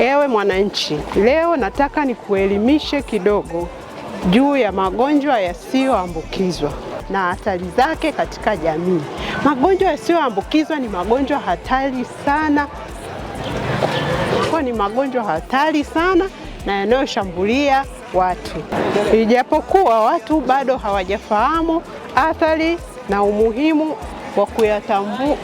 Ewe mwananchi, leo nataka nikuelimishe kidogo juu ya magonjwa yasiyoambukizwa na hatari zake katika jamii. Magonjwa yasiyoambukizwa ni magonjwa hatari sana, kwa ni magonjwa hatari sana na yanayoshambulia watu, ijapokuwa watu bado hawajafahamu athari na umuhimu wa kuyatambua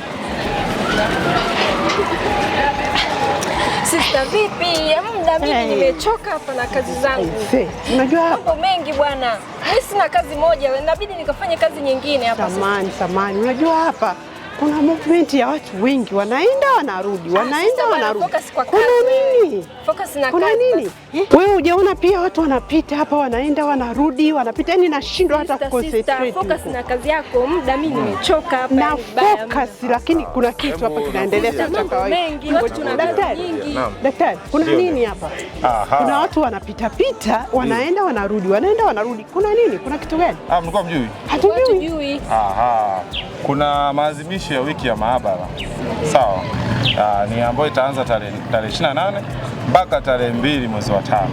vipi? Hamna, mimi nimechoka hapa na kazi zangu. Unajua mambo mengi bwana, mimi sina kazi moja, inabidi nikafanye kazi nyingine hapa Samani, samani, unajua hapa kuna movement ya watu wengi, wanaenda wanarudi, ah, wanaenda wanarudi, kuna nini? nini? Focus na kuna kazi nini? Eh? Wewe hujaona pia watu wanapita hapa wanaenda wanarudi wanapita, yani nashindwa hata concentrate. Focus na kazi yako, muda mimi hmm. nimechoka hapa. Na focus, lakini kuna kitu hapa kinaendelea cha kawaida. Daktari, kuna nini hapa? Kuna watu wanapita pita wanaenda wanarudi wanaenda wanarudi, kuna nini? Kuna kitu gani? Ah, mlikuwa mjui? Hatujui. Aha kuna maadhimisho ya wiki ya maabara sawa. Uh, ni ambayo itaanza tarehe 28 mpaka tarehe mbili mwezi wa tano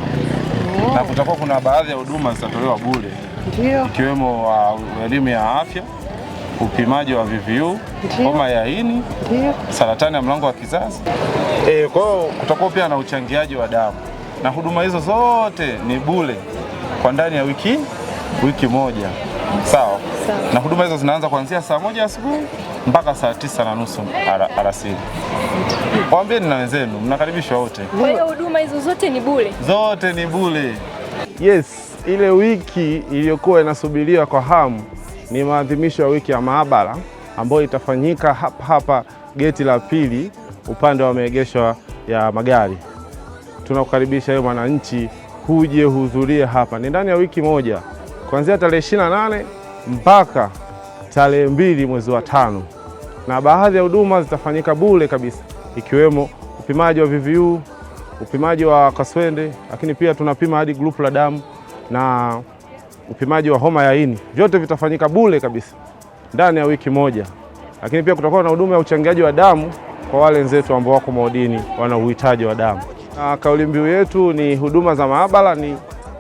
na oh. kutakuwa kuna baadhi ya huduma zitatolewa bure ikiwemo uh, elimu ya afya, upimaji wa VVU, homa ya ini, saratani ya mlango wa kizazi. E, kwa hiyo kutakuwa pia na uchangiaji wa damu na huduma hizo zote ni bure kwa ndani ya wiki wiki moja sawa na huduma hizo zinaanza kuanzia saa moja asubuhi mpaka saa tisa na nusu alasiri. Waambieni na wenzenu, mnakaribishwa wote. Kwa hiyo huduma hizo zote ni bure, zote ni bure. Yes, ile wiki iliyokuwa inasubiriwa kwa hamu ni maadhimisho ya wiki ya maabara ambayo itafanyika hapa hapa geti la pili upande wa maegesho ya magari. Tunakukaribisha wewe mwananchi, huje hudhurie hapa. Ni ndani ya wiki moja kuanzia tarehe 28 mpaka tarehe mbili mwezi wa tano, na baadhi ya huduma zitafanyika bure kabisa ikiwemo upimaji wa VVU, upimaji wa kaswende, lakini pia tunapima hadi grupu la damu na upimaji wa homa ya ini. Vyote vitafanyika bure kabisa ndani ya wiki moja, lakini pia kutakuwa na huduma ya uchangiaji wa damu kwa wale wenzetu ambao wako maodini wana uhitaji wa damu. Na kauli mbiu yetu ni huduma za maabara ni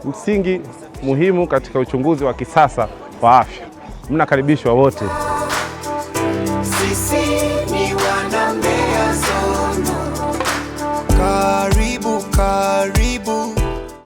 msingi muhimu katika uchunguzi wa kisasa kwa afya. Mnakaribishwa wote.